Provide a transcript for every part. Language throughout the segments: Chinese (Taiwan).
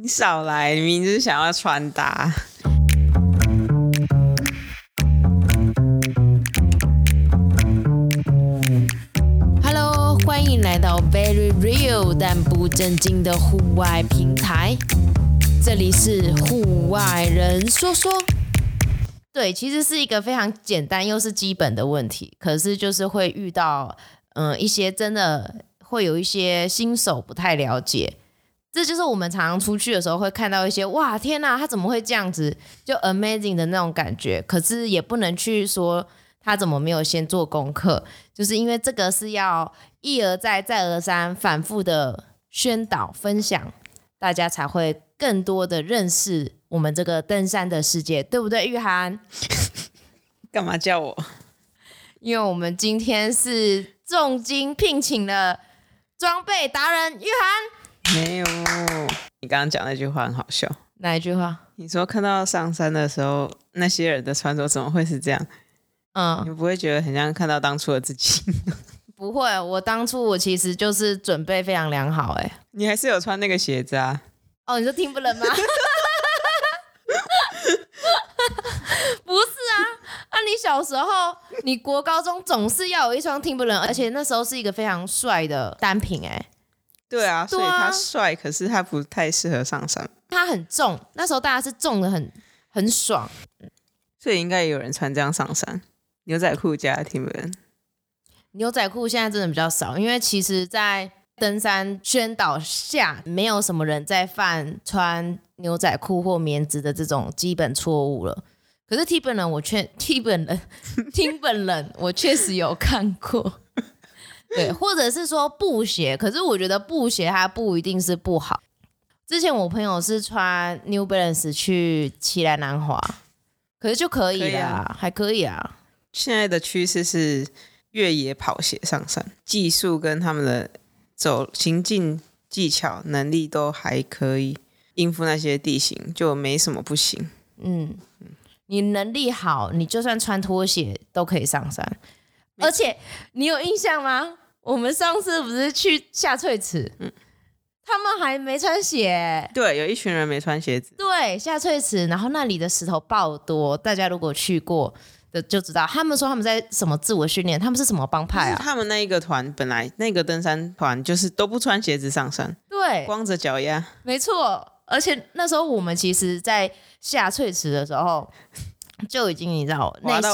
你少來，你明明就是想要穿搭。Hello，歡迎來到 Very Real 但不正經的戶外平台，這裡是戶外人說說。對，其實是一個非常簡單又是基本的問題，可是就是會遇到嗯一些真的會有一些新手不太了解。這就是我們常常出去的時候會看到一些哇天吶，他怎麼會這樣子？就 amazing 的那種感覺。可是也不能去說他怎麼沒有先做功課，就是因為這個是要一而再、再而三、反覆的宣導分享，大家才會更多的認識我們這個登山的世界，對不對？玉涵，幹嘛叫我？因為我們今天是重金聘請了裝備達人玉涵。沒有，你剛剛講那句話很好笑。哪一句話？你說看到上山的時候，那些人的穿着怎麼會是這樣？嗯，你不會覺得很像看到當初的自己嗎？不會，我當初我其實就是準備非常良好、欸。哎，你還是有穿那個鞋子啊？哦，你說聽不冷嗎？ 不是啊，啊，你小時候，你國高中總是要有一雙聽不冷，而且那時候是一個非常帥的單品、欸。哎。對啊，所以他帥，啊、可是他不太適合上山。他很重，那時候大家是重得很很爽，所以應該也有人穿這樣上山，牛仔褲加 T 本。牛仔褲現在真的比較少，因為其實，在登山宣導下，沒有什麼人在犯穿牛仔褲或棉質的這種基本錯誤了。可是 T 本人我，我確 T 本人 本人，我確實有看過。對，或者是說布鞋，可是我覺得布鞋它不一定是不好。之前我朋友是穿 New Balance 去奇萊南華，可是就可以了啊，可以啊還可以啊。現在的趨勢是越野跑鞋上山，技術跟他們的走行進技巧能力都還可以應付那些地形，就沒什麼不行。嗯嗯，你能力好，你就算穿拖鞋都可以上山，沒錯。而且你有印象嗎？我們上次不是去下翠池，嗯，他們還沒穿鞋欸。對，有一群人沒穿鞋子。對，下翠池，然後那裡的石頭爆多，大家如果去過的就知道。他們說他們在什麼自我訓練，他們是什麼幫派啊？他們那一個團本來那個登山團就是都不穿鞋子上山，對，光着腳丫，沒錯。而且那時候我們其實，在下翠池的時候。 就已經你知道，內心對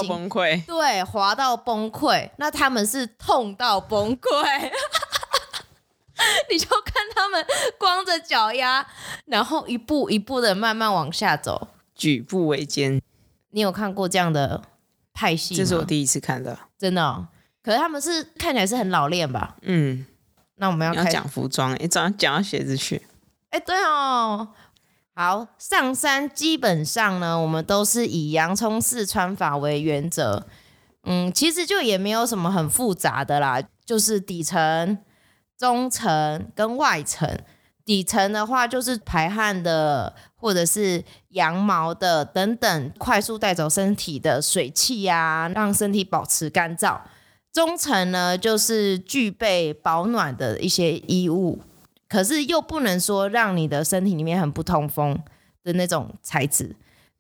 滑到崩潰，那他們是痛到崩潰。 你就看他們光着腳丫，然後一步一步的慢慢往下走，舉步維艱。你有看過這樣的派系？這是我第一次看的，真的、喔。可是他們是看起來是很老練吧？嗯，那我們要開始講服裝、欸，你早講到鞋子去。哎、欸，對哦、喔。好，上山基本上呢，我們都是以洋蔥式穿法為原則。嗯，其實就也沒有什麼很複雜的啦，就是底層、中層跟外層。底層的話就是排汗的，或者是羊毛的等等，快速帶走身體的水汽啊，讓身體保持乾燥。中層呢，就是具備保暖的一些衣物。可是又不能說讓你的身體裡面很不通風的那種材質。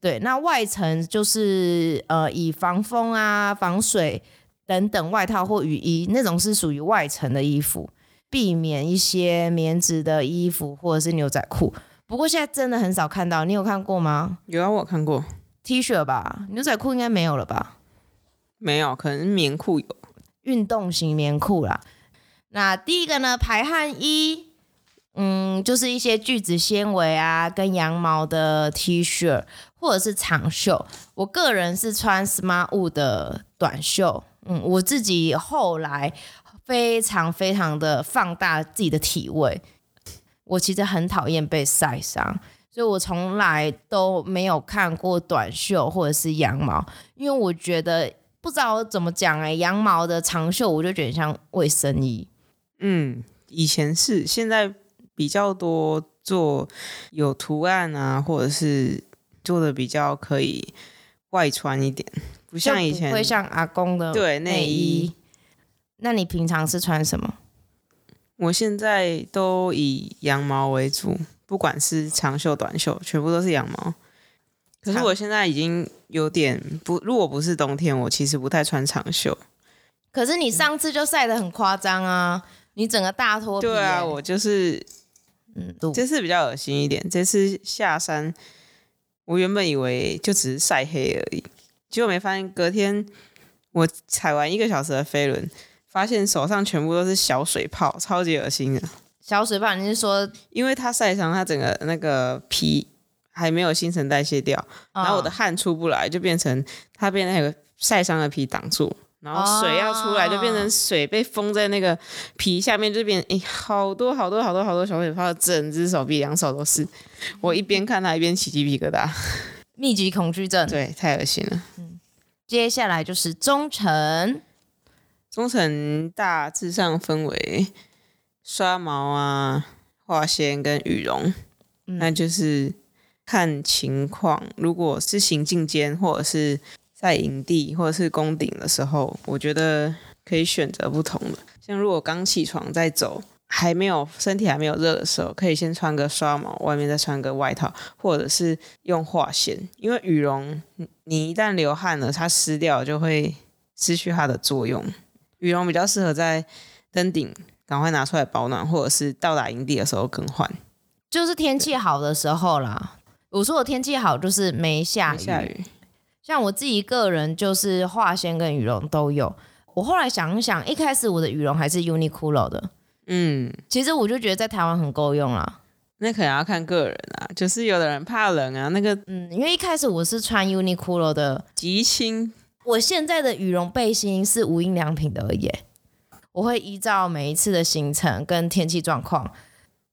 對，那外層就是呃，以防風啊、防水等等外套或雨衣那種是屬於外層的衣服，避免一些棉質的衣服或者是牛仔褲。不過現在真的很少看到，你有看過嗎？有啊，我有看過 T 恤吧，牛仔褲應該沒有了吧？沒有，可能棉褲有，運動型棉褲啦。那第一個呢，排汗衣。嗯，就是一些聚酯纖維啊，跟羊毛的 T 恤，或者是長袖。我個人是穿 Smartwool 的短袖。嗯，我自己後來非常非常的放大自己的體味。我其實很討厭被曬傷，所以我從來都沒有看過短袖或者是羊毛，因為我覺得不知道怎麼講哎、欸，羊毛的長袖我就覺得很像衛生衣。嗯，以前是，現在。比較多做有圖案啊，或者是做的比較可以外穿一點，不像以前會像阿公的對內衣。那,衣那你平常是穿什麼？我現在都以羊毛為主，不管是長袖短袖，全部都是羊毛。可是我現在已經有點不，如果不是冬天，我其實不太穿長袖。可是你上次就曬得很誇張啊，你整個大脫皮欸。對啊，我就是。嗯，這次比較噁心一點。這次下山，我原本以為就只是曬黑而已，結果沒發現。隔天我踩完一個小時的飛輪，發現手上全部都是小水泡，超級噁心啊！小水泡你是說，因為它曬傷，它整個那個皮還沒有新陳代謝掉，然後我的汗出不來，就變成它被那個曬傷的皮擋住。然後水要出來，就變成水被封在那個皮下面，這邊哎，好多好多好多好多小水泡，他的整只手臂，兩手都是。我一邊看他，一邊起雞皮疙瘩。密集恐懼症。對，太惡心了。嗯。接下來就是中層，中層大致上分為刷毛啊、化纖跟羽絨，嗯。那就是看情況，如果是行進間或者是。在營地或者是攻頂的時候，我覺得可以選擇不同的。像如果剛起床在走，還沒有身體還沒有熱的時候，可以先穿個刷毛，外面再穿個外套，或者是用化纖，因為羽絨你一旦流汗了，它濕掉就會失去它的作用。羽絨比較適合在登頂趕快拿出來保暖，或者是到達營地的時候更換。就是天氣好的時候啦，對我說我天氣好就是沒下雨。像我自己個人，就是化纖跟羽絨都有。我後來想一想，一開始我的羽絨還是 Uniqlo 的，嗯，其實我就覺得在台灣很夠用了。那可能要看個人啊，就是有的人怕冷啊，那個，嗯，因為一開始我是穿 Uniqlo 的極輕。我現在的羽絨背心是無印良品的而已耶。我會依照每一次的行程跟天氣狀況，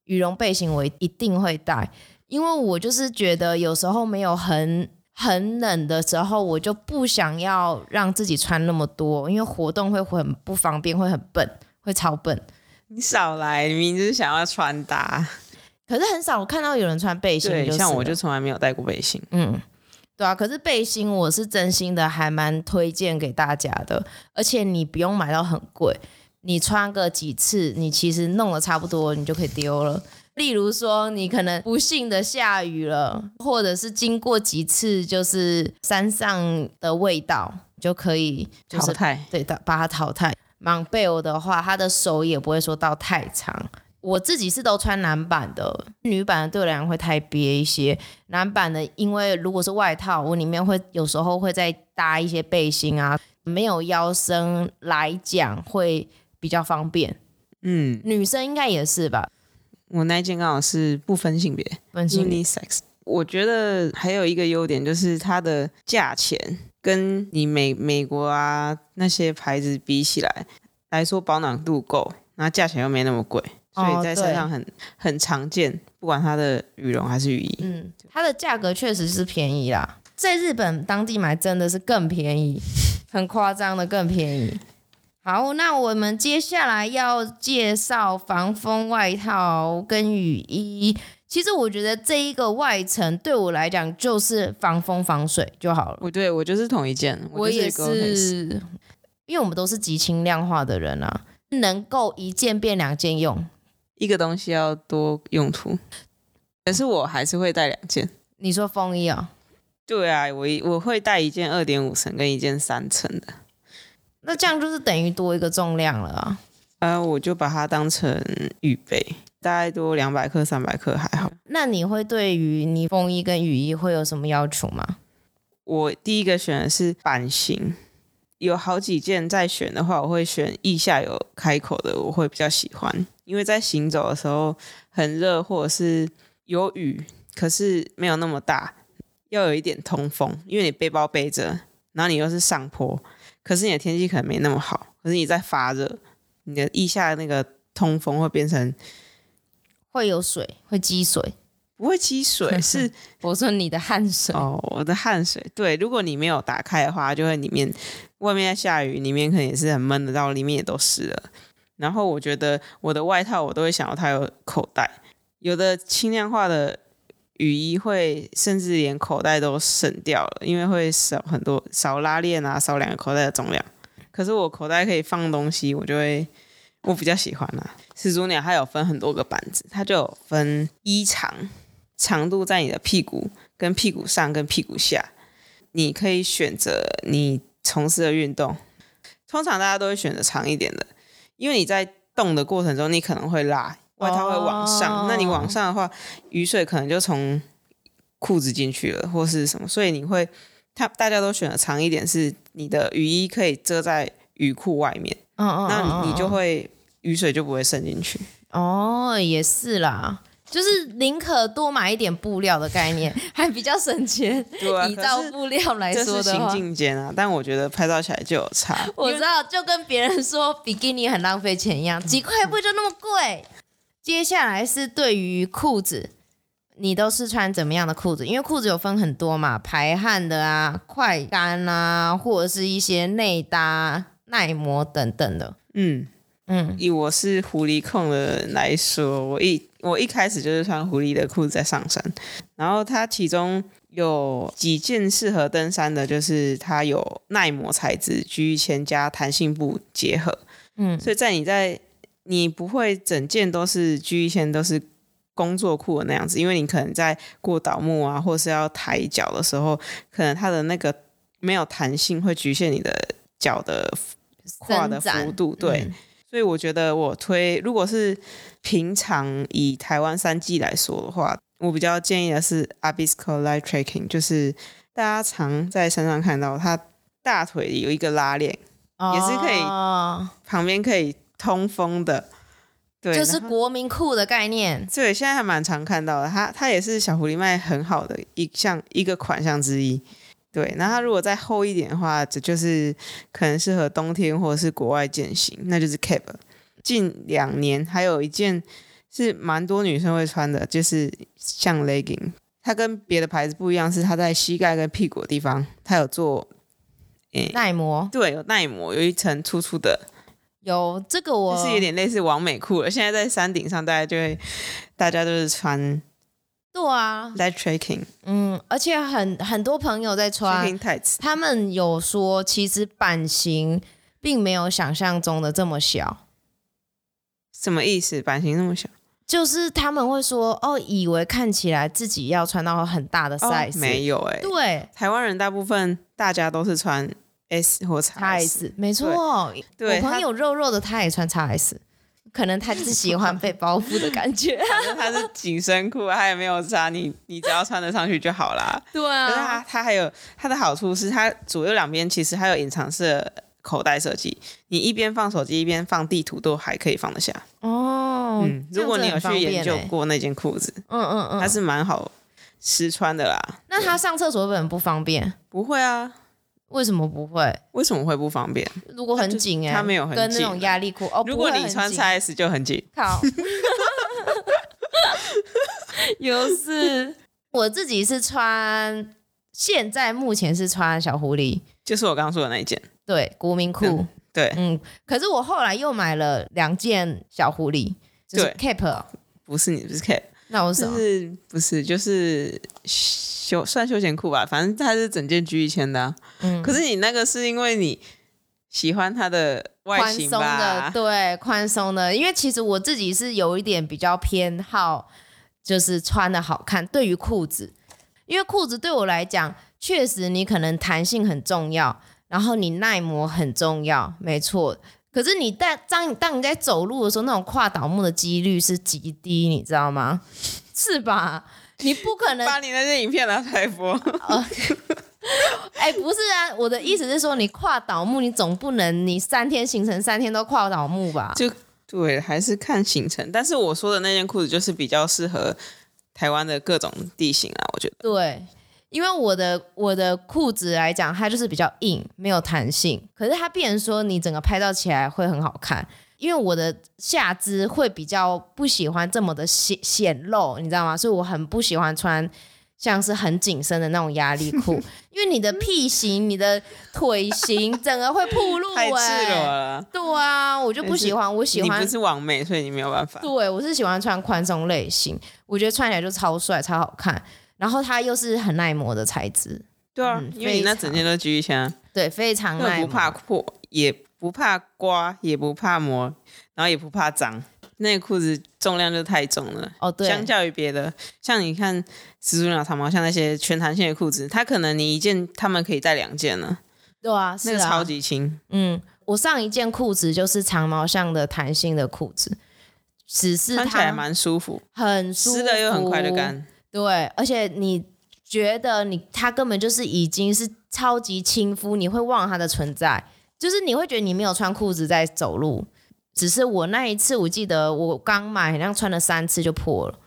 羽絨背心我一定會帶，因為我就是覺得有時候沒有很。很冷的時候，我就不想要讓自己穿那麼多，因為活動會很不方便，會很笨，會超笨。你少來，你明明就是想要穿搭。可是很少我看到有人穿背心。對，像我就從來沒有帶過背心。嗯，對啊，可是背心我是真心的，還蠻推薦給大家的。而且你不用買到很貴，你穿個幾次，你其實弄得差不多，你就可以丟了。例如說，你可能不幸的下雨了，或者是經過幾次，就是山上的味道就可以、就是、淘汰。對的，把它淘汰。Mont-bell 的話，他的手也不會說到太長。我自己是都穿男版的，女版的對我來講會太憋一些。男版的，因為如果是外套，我裡面會有時候會再搭一些背心啊，沒有腰身來講會比較方便。嗯，女生應該也是吧。我那一件剛好是不分性別，unisex 我覺得還有一個優點就是它的價錢跟你美美國啊那些牌子比起來來說，保暖度夠，然後價錢又沒那麼貴，所以在身上很、哦、很常見，不管它的羽絨還是雨衣。嗯，它的價格確實是便宜啦，在日本當地買真的是更便宜，很誇張的更便宜。 好，那我們接下來要介紹防風外套跟雨衣。其實我覺得這一個外層對我來講就是防風防水就好了。不對，我就是同一件，我也是，是 e、因為我們都是極輕量化的人啊，能夠一件變兩件用，一個東西要多用途。可是我還是會帶兩件。你說風衣啊、哦？對啊，我我會帶一件二點五層跟一件三層的。那這樣就是等於多一個重量了啊。呃，我就把它當成預備，大概多兩百克、三百克還好。那你會對於你風衣跟雨衣會有什麼要求嗎？我第一個選的是版型，有好幾件在選的話，我會選腋下有開口的，我會比較喜歡，因為在行走的時候很熱，或者是有雨，可是沒有那麼大，要有一點通風，因為你背包背着，然後你又是上坡。可是你的天氣可能沒那麼好，可是你在發熱，你的腋下那個通風會變成會有水，會積水，不會積水是 我說你的汗水哦，我的汗水對，如果你沒有打開的話，就會裡面外面在下雨，裡面可能也是很悶的，然後裡面也都濕了。然後我覺得我的外套我都會想要它有口袋，有的輕量化的。雨衣會甚至連口袋都省掉了，因為會少很多，少拉鏈啊，少兩個口袋的重量。可是我口袋可以放東西，我就會我比較喜歡啦、啊。始祖鳥它有分很多個板子，它就有分衣長，長度在你的屁股跟屁股上跟屁股下，你可以選擇你從事的運動。通常大家都會選擇長一點的，因為你在動的過程中你可能會拉。因為它會往上，oh、那你往上的話，雨水可能就從褲子進去了，或是什麼，所以你會，它大家都選了長一點，是你的雨衣可以遮在雨褲外面，嗯嗯、oh，那你就會雨、oh、水就不會滲進去。哦、oh，也是啦，就是寧可多買一點布料的概念， 還比較省錢。對啊，以照布料來說的話，這是情境間啊， 但我覺得拍照起來就有差。我知道，就跟別人說比基尼很浪費錢一樣，幾塊布就那麼貴。接下來是對於褲子，你都是穿怎麼樣的褲子？因為褲子有分很多嘛，排汗的啊，快乾啊，或者是一些內搭、耐磨等等的。嗯嗯，嗯以我是狐狸控的人來說，我一我一開始就是穿狐狸的褲子在上山，然後它其中有幾件適合登山的，就是它有耐磨材質、聚酯纖維加彈性布結合。嗯，所以在你在。你不會整件都是 G1000 都是工作褲的那樣子，因為你可能在過倒木啊，或是要抬腳的時候，可能它的那個沒有彈性會局限你的腳的胯的幅度。伸展，對，嗯、所以我覺得我推，如果是平常以台灣三季來說的話，我比較建議的是 Abisko Lite Trekking，就是大家常在山上看到它大腿裡有一個拉鏈，哦、也是可以旁邊可以，通風的，對，就是後國民褲的概念。對，現在還蠻常看到的。它它也是小狐狸賣很好的一項一個款項之一。對，那它如果再厚一點的話，這就是可能適合冬天或者是國外健行。那就是 Keb。近兩年還有一件是蠻多女生會穿的，就是像 legging。它跟別的牌子不一樣，是它在膝蓋跟屁股的地方，它有做，欸、耐磨。對，有耐磨，有一層粗粗的。有這個我，我是有點類似網美褲了。現在在山頂上，大家就會，大家都是穿，對啊 lite trekking 嗯，而且很很多朋友在穿，他們有說其實版型並沒有想象中的這麼小，什麼意思？版型那麼小？就是他們會說哦，以為看起來自己要穿到很大的 size，哦、沒有誒、欸，對，台灣人大部分大家都是穿，S 或 XS，沒錯。對，我朋友肉肉的，他也穿 XS，可能他就是喜歡被包覆的感覺。他是緊身褲，他也沒有差，你你只要穿得上去就好啦。對啊。可是他他還有他的好處是，他左右兩邊其實還有隱藏式口袋設計，你一邊放手機一邊放地圖都還可以放得下。哦，嗯，如果你有去研究過那件褲子，嗯嗯嗯，還是蠻好試穿的啦。那他上廁所會很不方便？不會啊。為什麼不會？為什麼會不方便？如果很緊哎、欸，他沒有很緊，跟那種壓力褲哦。如果你穿 XS 就很緊，靠，有事我自己是穿，現在目前是穿小狐狸，就是我剛剛說的那一件，對，國民褲、嗯，對，嗯。可是我後來又買了兩件小狐狸，就是 Cap，不是你，不、就是 Cap。那我是不是就是休算休閒褲吧？反正它是整件 G1000 的啊。嗯，可是你那個是因為你喜歡它的外型，寬鬆的，對，寬鬆的。因為其實我自己是有一點比較偏好，就是穿的好看。對於褲子，因為褲子對我來講，確實你可能彈性很重要，然後你耐磨很重要，沒錯。可是你當當當你在走路的時候，那種跨倒木的幾率是極低，你知道嗎？是吧？你不可能把你那件影片拿出來播。哎，不是啊，我的意思是說，你跨倒木，你總不能你三天行程三天都跨倒木吧？就對，還是看行程。但是我說的那件褲子，就是比較適合台灣的各種地形啊，我覺得。對。因為我的我的褲子來講，它就是比較硬，沒有彈性。可是它變成說你整個拍照起來會很好看，因為我的下肢會比較不喜歡這麼的顯顯露，你知道嗎？所以我很不喜歡穿像是很緊身的那種壓力褲， 因為你的屁型、你的腿型 整個會暴露、欸。太赤裸了。對啊，我就不喜歡。是我喜歡。你不是網美，所以你沒有辦法。對我是喜歡穿寬鬆類型，我覺得穿起來就超帥、超好看。然後它又是很耐磨的材質，對啊，嗯、因為你那整件都舉槍，對，非常耐磨，不怕破，也不怕刮，也不怕磨，然後也不怕髒。那個褲子重量就太重了，哦，對，相較於別的，像你看始祖鳥長毛象那些全彈性的褲子，它可能你一件，他們可以帶兩件呢。對啊，那個超級輕、啊，嗯，我上一件褲子就是長毛象的彈性的褲子，只是它穿起來蠻舒服，很濕的又很快的乾。對，而且你覺得你他根本就是已經是超級親膚，你會忘了他的存在，就是你會覺得你沒有穿褲子在走路。只是我那一次，我記得我剛買，好像穿了三次就破了，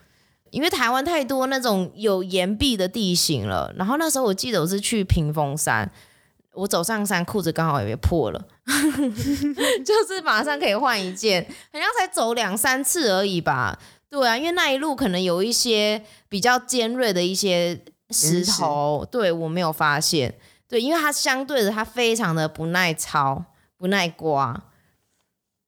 因為台灣太多那種有岩壁的地形了。然後那時候我記得我是去屏風山，我走上山褲子剛好也被破了， 就是馬上可以換一件，好像才走兩三次而已吧。對啊，因為那一路可能有一些比較尖銳的一些石頭，始對，我沒有發現。對，因為它相對的它非常的不耐操、不耐刮。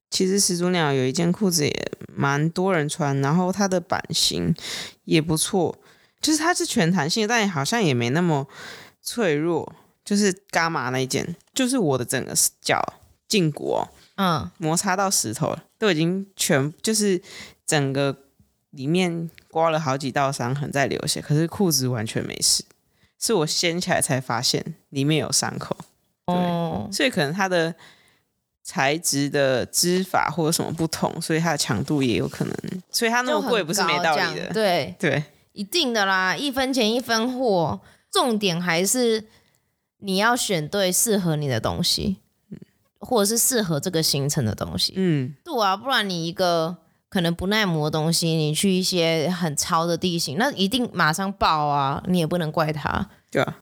其實始祖鳥有一件褲子也蠻多人穿，然後它的版型也不錯，就是它是全彈性，但也好像也沒那麼脆弱。就是伽馬那一件，就是我的整個腳脛骨，嗯，摩擦到石頭都已經全就是整個。裡面刮了好幾道傷痕，在流血，可是褲子完全沒事，是我掀起來才發現裡面有傷口。哦，oh. 所以可能它的材質的織法或者什麼不同，所以它的強度也有可能，所以它那麼貴不是沒道理的。對對，對一定的啦，一分錢一分貨。重點還是你要選對適合你的東西，嗯，或者是適合這個行程的東西。嗯，對啊，不然你一個。可能不耐磨的東西，你去一些很糙的地形，那一定馬上爆啊！你也不能怪它。對啊。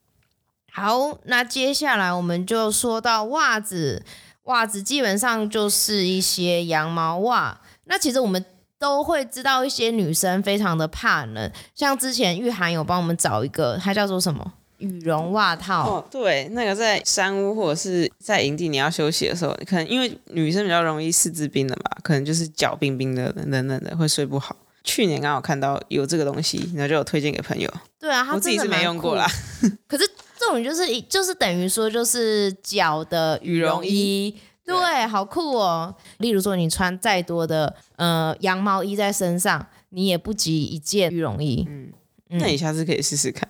好，那接下來我們就說到襪子。襪子基本上就是一些羊毛襪。那其實我們都會知道，一些女生非常的怕冷。像之前禦寒有幫我們找一個，它叫做什麼？羽絨襪套哦，對，那個在山屋或者是在營地你要休息的時候，可能因為女生比較容易四肢冰冷嘛，可能就是腳冰冰的、冷冷的，會睡不好。去年剛好看到有這個東西，然後就有推薦給朋友。對啊，他我自己是沒用過啦。可是這種就是就是等於說就是腳的羽絨衣，絨衣對，對，好酷哦。例如說你穿再多的呃羊毛衣在身上，你也不及一件羽絨衣。嗯，那、嗯、你下次可以試試看。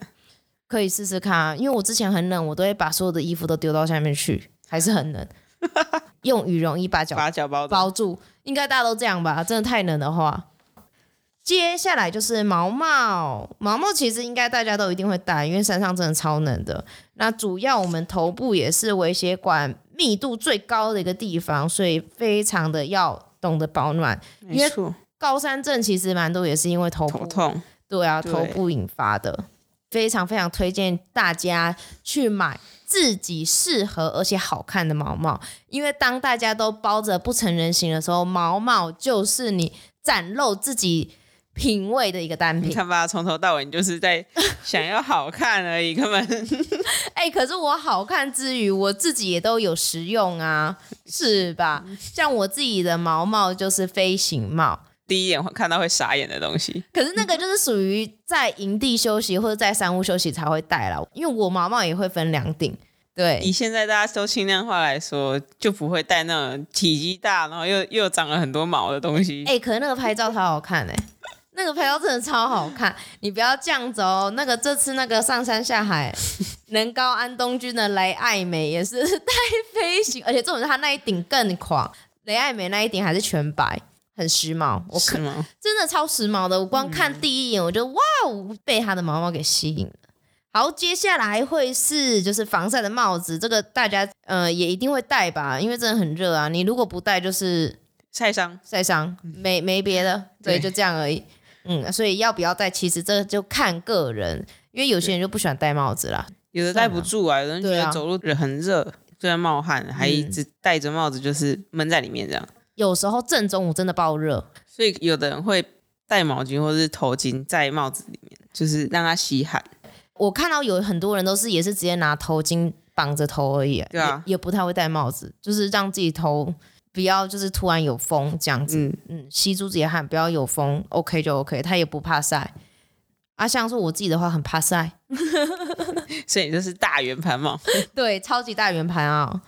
可以試試看啊，因為我之前很冷，我都會把所有的衣服都丟到下面去，還是很冷。 用羽絨衣把腳把腳包包住，應該大家都這樣吧？真的太冷的話，接下來就是毛帽毛帽，其實應該大家都一定會戴，因為山上真的超冷的。那主要我們頭部也是微血管密度最高的一個地方，所以非常的要懂得保暖。沒錯。因為高山症其實蠻多也是因為頭部頭痛。對啊，對頭部引發的。非常非常推薦大家去買自己適合而且好看的毛帽，因為當大家都包着不成人形的時候，毛帽就是你展露自己品味的一個單品。看吧，從頭到尾你就是在想要好看而已，根本哎，可是我好看之餘，我自己也都有實用啊，是吧？像我自己的毛帽就是飛行帽。第一眼會看到會傻眼的東西，可是那個就是屬於在營地休息或者在山屋休息才會戴啦，因為我毛毛也會分兩頂，對。以現在大家都輕量化來說，就不會戴那種體積大，然後又又長了很多毛的東西。誒、欸，可是那個拍照超好看哎、欸， 那個拍照真的超好看， 你不要這樣子哦、喔。那個這次那個上山下海， 能高安東軍的雷愛美也是帶飛行，而且重點是他那一頂更狂，雷愛美那一頂還是全白。很時髦，我可，是嗎？真的超時髦的。我光看第一眼我就，我覺得哇哦，被它的毛毛給吸引了。好，接下來會是就是防曬的帽子，這個大家呃也一定會戴吧，因為真的很熱啊。你如果不戴，就是曬傷，曬傷傷沒沒別的，對，對，就這樣而已。嗯，所以要不要戴，其實這個就看個人，因為有些人就不喜歡戴帽子啦，有的戴不住啊，啊有人覺得走路很熱啊、就在冒汗，還一直戴着帽子就是悶在裡面這樣。嗯有時候正中午真的爆熱，所以有的人會戴毛巾或是頭巾在帽子裡面，就是讓它吸汗。我看到有很多人都是也是直接拿頭巾綁着頭而已，對啊也，也不太會戴帽子，就是讓自己頭不要就是突然有風這樣子，嗯，嗯，吸住自己的汗，不要有風，OK 就 OK。他也不怕曬，啊，像是我自己的話很怕曬， 所以就是大圓盤帽， 對，超級大圓盤啊。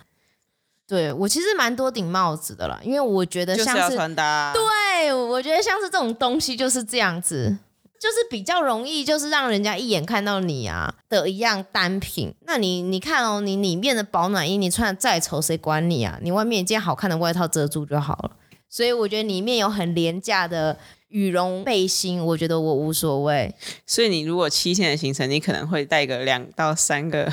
對，我其實蠻多頂帽子的啦，因為我覺得像是，就是穿搭啊、對我覺得像是這種東西就是這樣子，就是比較容易就是讓人家一眼看到你啊的一樣單品。那你你看哦，你裡面的保暖衣你穿的再醜，誰管你啊？你外面一件好看的外套遮住就好了。所以我覺得裡面有很廉價的。羽絨背心，我覺得我無所謂。所以你如果七天的行程，你可能會戴個兩到三個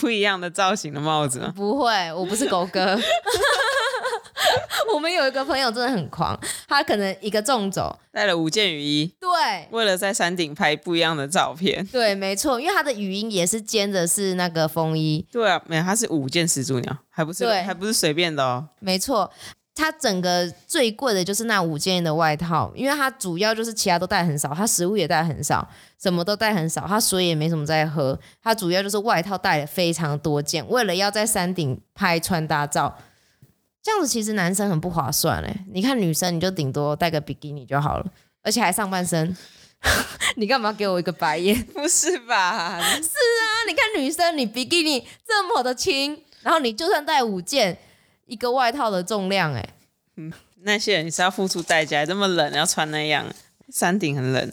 不一樣的造型的帽子嗎？不會，我不是狗哥。 我們有一個朋友真的很狂，他可能一個縱走戴了五件雨衣。對。為了在山頂拍不一樣的照片。對，沒錯，因為他的雨衣也是兼着是那個風衣。對啊，沒有，他是五件始祖鳥，還不是，對還不是隨便的哦。沒錯。它整個最貴的就是那五件的外套，因為它主要就是其他都帶很少，它食物也帶很少，什麼都帶很少，它水也沒什麼在喝，它主要就是外套帶了非常多件，為了要在山頂拍穿搭照，這樣子。其實男生很不划算誒，你看女生你就頂多帶個比基尼就好了，而且還上半身， 你幹嘛給我一個白眼？ 不是吧？是啊，你看女生你比基尼這麼的輕，然後你就算帶五件。一個外套的重量、欸，嗯，那些人你是要付出代價，這麼冷要穿那樣，山頂很冷。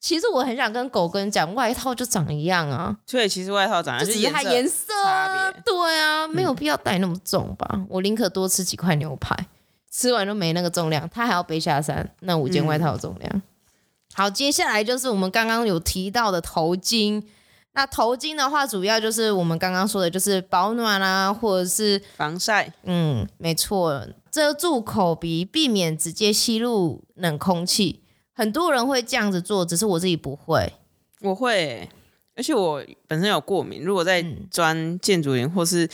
其實我很想跟狗跟講，外套就長一樣啊，對，其實外套長，就是顏色，顏色差別。對啊，嗯、沒有必要帶那麼重吧，我寧可多吃幾塊牛排，吃完就沒那個重量，他還要背下山那五件外套的重量。嗯、好，接下來就是我們剛剛有提到的頭巾。那頭巾的話，主要就是我們剛剛說的，就是保暖啊，或者是防曬。嗯，沒錯，遮住口鼻，避免直接吸入冷空氣。很多人會這樣子做，只是我自己不會。我會，而且我本身有過敏，如果在鑽箭竹林、嗯、或是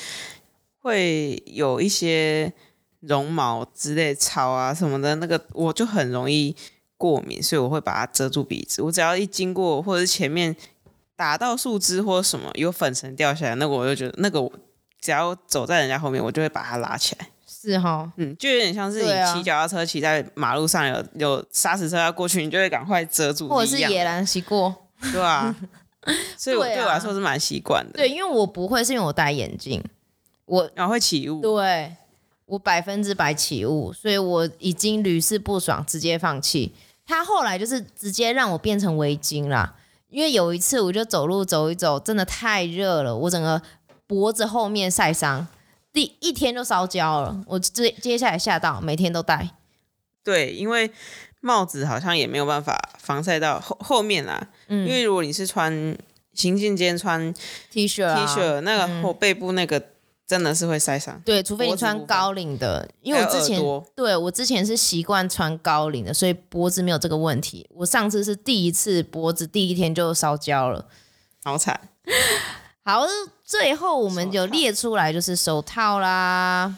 會有一些絨毛之類草啊什麼的，那個我就很容易過敏，所以我會把它遮住鼻子。我只要一經過，或者是前面。打到樹枝或什麼，有粉塵掉下來，那個我就覺得那個，只要走在人家後面，我就會把它拉起來。是哈、哦，嗯，就有點像是你騎腳踏車騎在馬路上有，有、啊、有砂石車要過去，你就會趕快遮住一樣。或者是野狼騎過，對啊， 所以我對我來說是蠻習慣的對、啊。對，因為我不會，是因為我戴眼鏡，我然後、啊、會起霧，對我百分之百起霧，所以我已經屢試不爽，直接放棄。他後來就是直接讓我變成圍巾啦。因為有一次我就走路走一走，真的太熱了，我整個脖子後面曬傷，第一天就燒焦了。我接接下來嚇到，每天都戴。對，因為帽子好像也沒有辦法防曬到後後面啦。嗯，因為如果你是穿行進間穿 T 恤 T 恤，那個後背部那個。真的是會曬傷，對，除非你穿高領的，因為我之前對我之前是習慣穿高領的，所以脖子沒有這個問題。我上次是第一次脖子第一天就燒焦了，好慘慘。 好，最後我們就列出來，就是手套啦。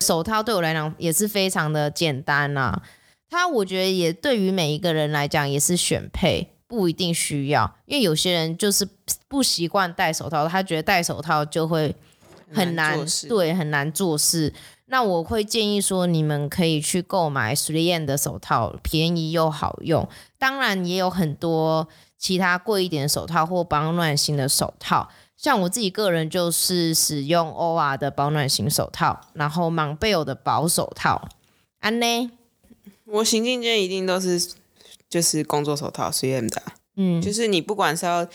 手套對我來講也是非常的簡單啦、啊，它我覺得也對於每一個人來講也是選配，不一定需要，因為有些人就是不習慣戴手套，他覺得戴手套就會。很難，很難對，很難做事，那我會建議說你們可以去購買 3M 的手套，便宜又好用。當然也有很多其他貴一點的手套或保暖型的手套，像我自己個人就是使用 OR 的保暖型手套，然後 Mont-bell 的薄手套。安、啊、呢，我行進間一定都是就是工作手套 3M 的，嗯，就是你不管是要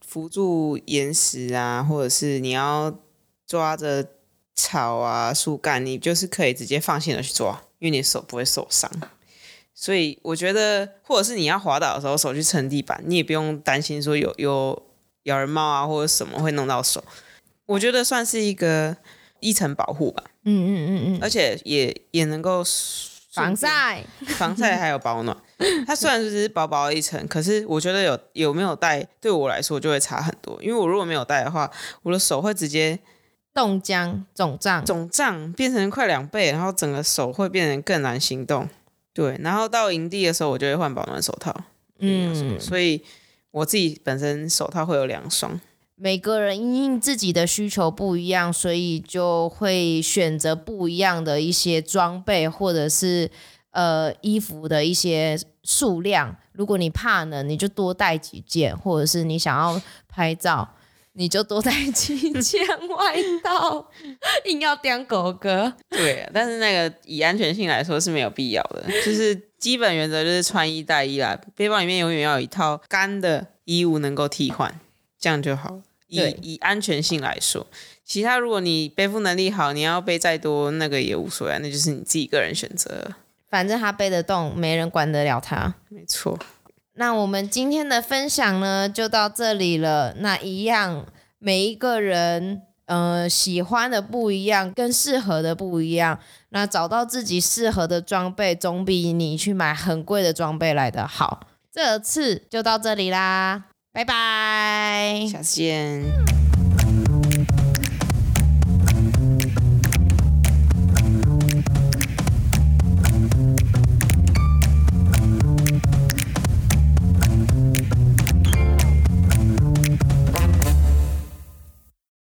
扶住岩石啊，或者是你要。抓着草啊、樹幹，你就是可以直接放心的去抓，因為你手不會受傷。所以我覺得，或者是你要滑倒的時候，手去撐地板，你也不用擔心說有有咬人貓啊或者什麼會弄到手。我覺得算是一個一層保護吧。嗯嗯嗯嗯，而且也也能夠防曬、防曬還有保暖。 它雖然只是薄薄一層，可是我覺得有有沒有戴對我來說就會差很多。因為我如果沒有戴的話，我的手會直接。凍僵、腫脹、腫脹變成快兩倍，然後整個手會變得更難行動。對，然後到營地的時候，我就會換保暖手套。嗯，所以我自己本身手套會有兩雙。每個人因應自己的需求不一樣，所以就會選擇不一樣的一些裝備或者是呃衣服的一些數量。如果你怕冷，你就多帶幾件，或者是你想要拍照。你就多帶幾件外套， 硬要當狗哥。對啊，但是那個以安全性來說是沒有必要的，就是基本原則就是穿衣帶衣啦，背包裡面永遠要有一套乾的衣物能夠替換，這樣就好。以對以安全性來說，其他如果你背負能力好，你要背再多那個也無所謂，那就是你自己個人選擇。反正他背得動，沒人管得了他。沒錯。那我們今天的分享呢，就到這裡了。那一樣，每一個人，呃，喜歡的不一樣，跟適合的不一樣。那找到自己適合的裝備，總比你去買很貴的裝備來得好。這次就到這裡啦，拜拜，下次見。嗯